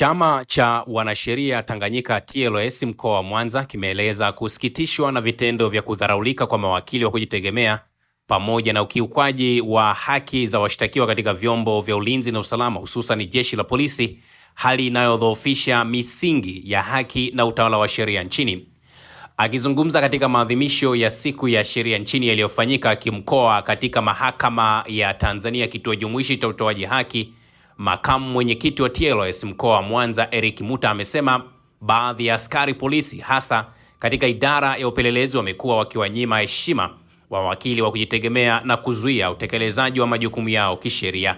Chama cha wanasheria Tanganyika TLS mkoa wa Mwanza kimeeleza kusikitishwa na vitendo vya kudharaulika kwa mawakili wa kujitegemea pamoja na ukiukwaji wa haki za washtakiwa katika vyombo vya ulinzi na usalama hususani jeshi la polisi, hali inayodhoofisha misingi ya haki na utawala wa sheria nchini. Akizungumza katika maadhimisho ya siku ya sheria nchini yaliyofanyika kimkoa katika mahakama ya Tanzania kituo jumuishi cha utoaji haki Makamu mwenyekiti wa TLS mkoa wa Mwanza Eric Muta amesema baadhi ya askari polisi hasa katika idara ya upelelezi wamekuwa wakiwanyima heshima wawakili wa kujitegemea na kuzuia utekelezaji wa majukumu yao kisheria.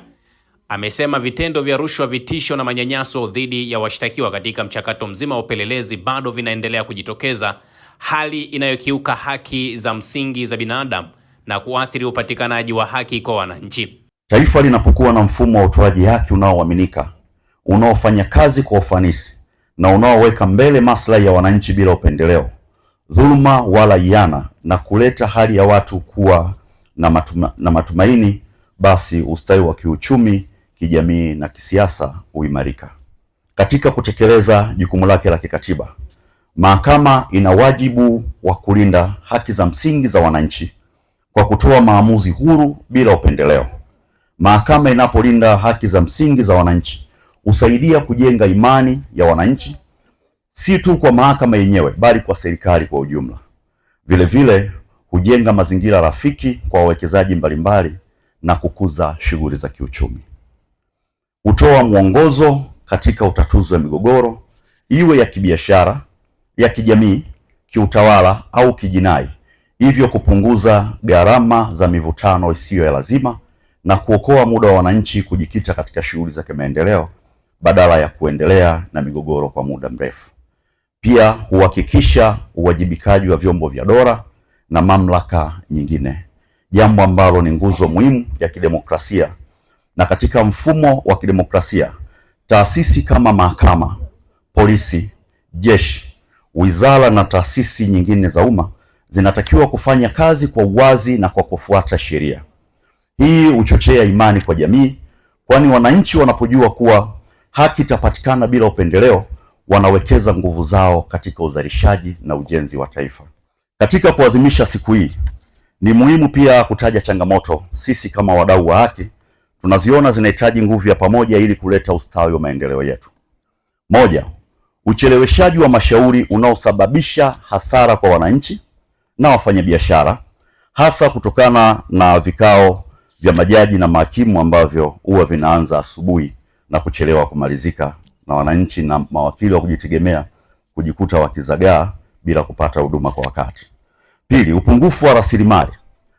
Amesema vitendo vya rushwa, vitisho na manyanyaso dhidi ya washtakiwa katika mchakato mzima wa upelelezi bado vinaendelea kujitokeza, hali inayokiuka haki za msingi za binadamu na kuathiri upatikanaji wa haki kwa wananchi. Taifa linapokuwa na mfumo wa utoaji haki unaoaminika, unaofanya kazi kwa ufanisi na unaoweka mbele maslahi ya wananchi bila upendeleo, dhuluma wala iana, na kuleta hali ya watu kuwa na, matuma, na matumaini, basi ustawi wa kiuchumi, kijamii na kisiasa huimarika. Katika kutekeleza jukumu lake la kikatiba, mahakama ina wajibu wa kulinda haki za msingi za wananchi kwa kutoa maamuzi huru bila upendeleo. Mahakama inapolinda haki za msingi za wananchi husaidia kujenga imani ya wananchi, si tu kwa mahakama yenyewe, bali kwa serikali kwa ujumla. Vilevile hujenga mazingira rafiki kwa wawekezaji mbalimbali na kukuza shughuli za kiuchumi. Hutoa mwongozo katika utatuzi wa migogoro, iwe ya kibiashara, ya kijamii, kiutawala au kijinai, hivyo kupunguza gharama za mivutano isiyo ya lazima na kuokoa muda wa wananchi kujikita katika shughuli za kimaendeleo badala ya kuendelea na migogoro kwa muda mrefu. Pia huhakikisha uwajibikaji wa vyombo vya dola na mamlaka nyingine, jambo ambalo ni nguzo muhimu ya kidemokrasia. Na katika mfumo wa kidemokrasia, taasisi kama mahakama, polisi, jeshi, wizara na taasisi nyingine za umma zinatakiwa kufanya kazi kwa uwazi na kwa kufuata sheria. Hii huchochea imani kwa jamii, kwani wananchi wanapojua kuwa haki itapatikana bila upendeleo, wanawekeza nguvu zao katika uzalishaji na ujenzi wa taifa. Katika kuadhimisha siku hii, ni muhimu pia kutaja changamoto sisi kama wadau wa haki tunaziona zinahitaji nguvu ya pamoja ili kuleta ustawi wa maendeleo yetu. Moja, ucheleweshaji wa mashauri unaosababisha hasara kwa wananchi na wafanyabiashara hasa kutokana na vikao vya majaji na mahakimu ambavyo huwa vinaanza asubuhi na kuchelewa kumalizika, na wananchi na mawakili wa kujitegemea kujikuta wakizagaa bila kupata huduma kwa wakati. Pili, upungufu wa rasilimali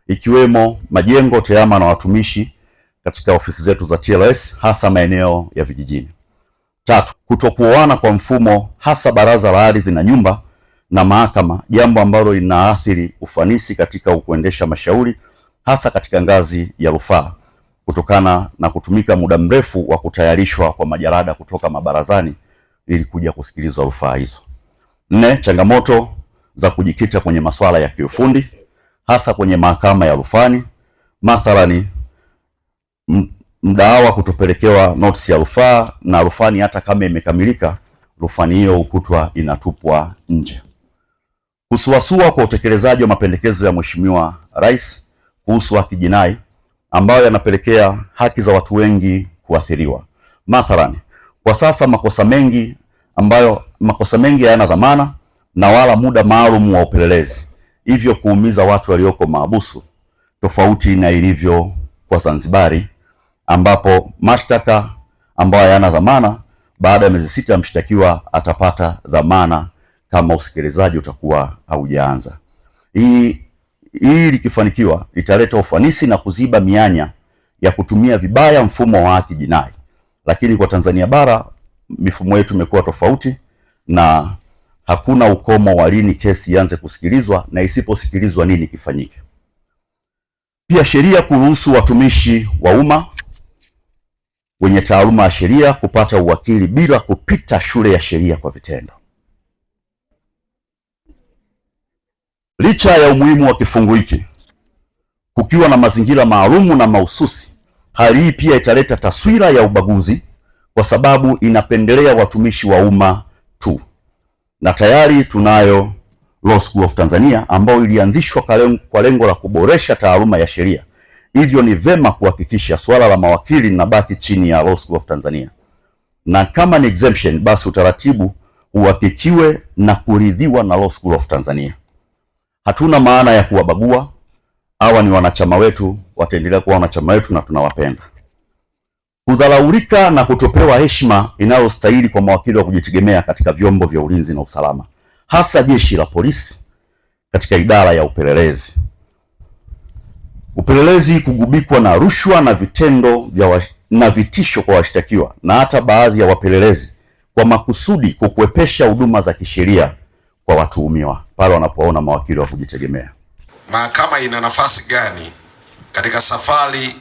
ikiwemo majengo, tehama na watumishi katika ofisi zetu za TLS hasa maeneo ya vijijini. Tatu, kutokuoana kwa mfumo hasa baraza la ardhi na nyumba na mahakama, jambo ambalo linaathiri ufanisi katika kuendesha mashauri hasa katika ngazi ya rufaa kutokana na kutumika muda mrefu wa kutayarishwa kwa majarada kutoka mabarazani ili kuja kusikilizwa rufaa hizo. Nne, changamoto za kujikita kwenye masuala ya kiufundi hasa kwenye mahakama ya rufani, mathalani mdaawa kutopelekewa notisi ya rufaa na rufani hata kama imekamilika, rufani hiyo hukutwa inatupwa nje. Kusuasua kwa utekelezaji wa mapendekezo ya Mheshimiwa Rais kuhusu haki jinai ambayo yanapelekea haki za watu wengi kuathiriwa. Mathalan, kwa sasa makosa mengi ambayo makosa mengi hayana dhamana na wala muda maalum wa upelelezi, hivyo kuumiza watu walioko mahabusu, tofauti na ilivyo kwa Zanzibari ambapo mashtaka ambayo hayana dhamana baada ya miezi sita mshtakiwa atapata dhamana kama usikilizaji utakuwa haujaanza. Hii hii likifanikiwa litaleta ufanisi na kuziba mianya ya kutumia vibaya mfumo wa haki jinai. Lakini kwa Tanzania bara mifumo yetu imekuwa tofauti na hakuna ukomo wa lini kesi ianze kusikilizwa na isiposikilizwa nini kifanyike. Pia sheria kuruhusu watumishi wa umma wenye taaluma ya sheria kupata uwakili bila kupita shule ya sheria kwa vitendo. Licha ya umuhimu wa kifungu hiki kukiwa na mazingira maalumu na mahususi, hali hii pia italeta taswira ya ubaguzi kwa sababu inapendelea watumishi wa umma tu, na tayari tunayo Law School of Tanzania ambayo ilianzishwa kwa lengo la kuboresha taaluma ya sheria. Hivyo ni vema kuhakikisha swala la mawakili linabaki chini ya Law School of Tanzania, na kama ni exemption, basi utaratibu uhakikiwe na kuridhiwa na Law School of Tanzania. Hatuna maana ya kuwabagua. Hawa ni wanachama wetu, wataendelea kuwa wanachama wetu na tunawapenda. Kudharaulika na kutopewa heshima inayostahili kwa mawakili wa kujitegemea katika vyombo vya ulinzi na usalama, hasa jeshi la polisi katika idara ya upelelezi. Upelelezi kugubikwa na rushwa na vitendo vya wa, na vitisho kwa washtakiwa na hata baadhi ya wapelelezi kwa makusudi kukuepesha huduma za kisheria kwa watuhumiwa pale wanapoona mawakili wa kujitegemea. Mahakama ina nafasi gani katika safari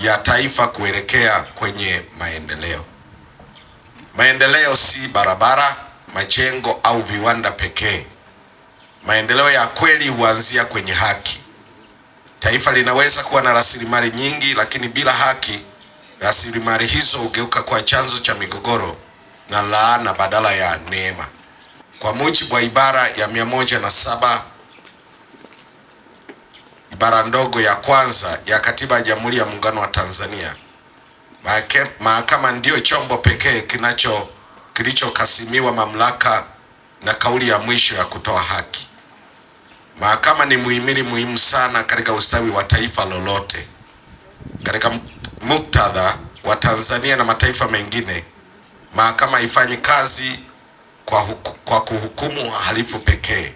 ya taifa kuelekea kwenye maendeleo? Maendeleo si barabara, majengo au viwanda pekee. Maendeleo ya kweli huanzia kwenye haki. Taifa linaweza kuwa na rasilimali nyingi, lakini bila haki, rasilimali hizo hugeuka kuwa chanzo cha migogoro na laana badala ya neema kwa mujibu wa ibara ya mia moja na saba ibara ndogo ya kwanza ya katiba ya Jamhuri ya Muungano wa Tanzania, mahakama ndiyo chombo pekee kinacho kilichokasimiwa mamlaka na kauli ya mwisho ya kutoa haki. Mahakama ni muhimili muhimu sana katika ustawi wa taifa lolote. Katika muktadha wa Tanzania na mataifa mengine, mahakama haifanyi kazi kwa, huku, kwa kuhukumu wahalifu pekee,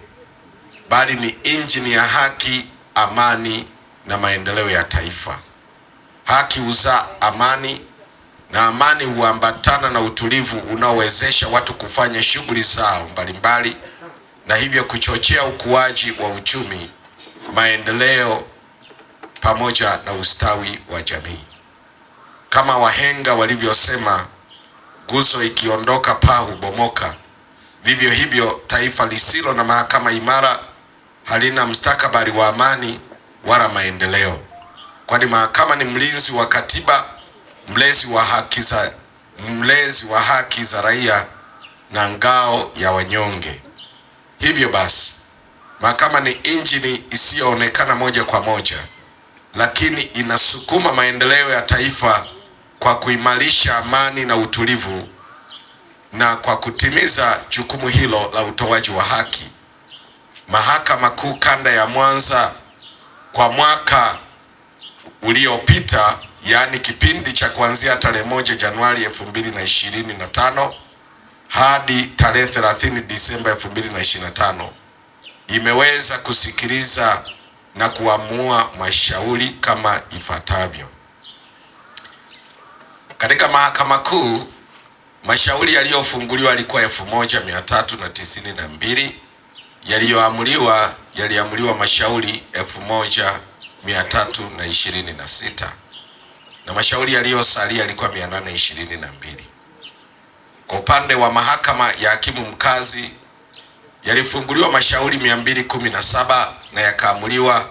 bali ni injini ya haki, amani na maendeleo ya taifa. Haki huzaa amani na amani huambatana na utulivu unaowezesha watu kufanya shughuli zao mbalimbali na hivyo kuchochea ukuaji wa uchumi, maendeleo pamoja na ustawi wa jamii. Kama wahenga walivyosema, nguzo ikiondoka paa hubomoka. Vivyo hivyo, taifa lisilo na mahakama imara halina mstakabari wa amani wala maendeleo, kwani mahakama ni mlinzi wa katiba, mlezi wa haki za mlezi wa haki za raia na ngao ya wanyonge. Hivyo basi, mahakama ni injini isiyoonekana moja kwa moja, lakini inasukuma maendeleo ya taifa kwa kuimarisha amani na utulivu na kwa kutimiza jukumu hilo la utoaji wa haki, Mahakama Kuu Kanda ya Mwanza kwa mwaka uliopita, yaani kipindi cha kuanzia tarehe moja Januari 2025 hadi tarehe 30 Disemba 2025 imeweza kusikiliza na kuamua mashauri kama ifuatavyo. Katika Mahakama Kuu Mashauri yaliyofunguliwa yalikuwa elfu moja mia tatu na tisini na mbili yaliyoamuliwa yaliamuliwa mashauri elfu moja mia tatu na ishirini na sita na mashauri yaliyosalia yalikuwa mia nane ishirini na mbili. Kwa upande wa mahakama ya hakimu mkazi yalifunguliwa mashauri mia mbili kumi na saba na yakaamuliwa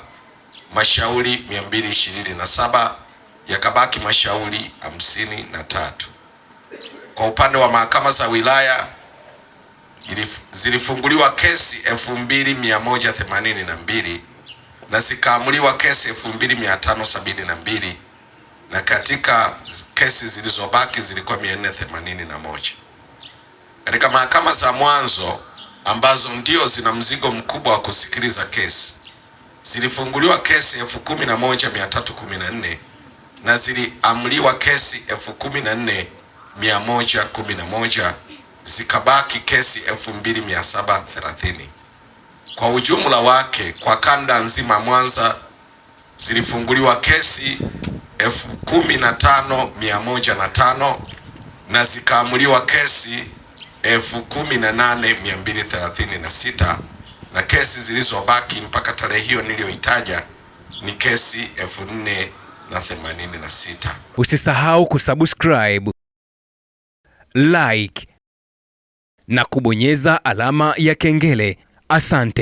mashauri mia mbili ishirini na saba yakabaki mashauri hamsini na tatu kwa upande wa mahakama za wilaya zilifunguliwa kesi 2182 na zikaamuliwa kesi 2572 na katika kesi zilizobaki zilikuwa 481. Katika mahakama za mwanzo ambazo ndio zina mzigo mkubwa wa kusikiliza kesi zilifunguliwa kesi 11314 na ziliamliwa kesi 14314 111 zikabaki kesi 2730. Kwa ujumla wake kwa kanda nzima Mwanza zilifunguliwa kesi 15105 na zikaamuliwa kesi 18236 na kesi zilizobaki mpaka tarehe hiyo niliyoitaja ni kesi 4086. Usisahau kusubscribe like na kubonyeza alama ya kengele. Asante.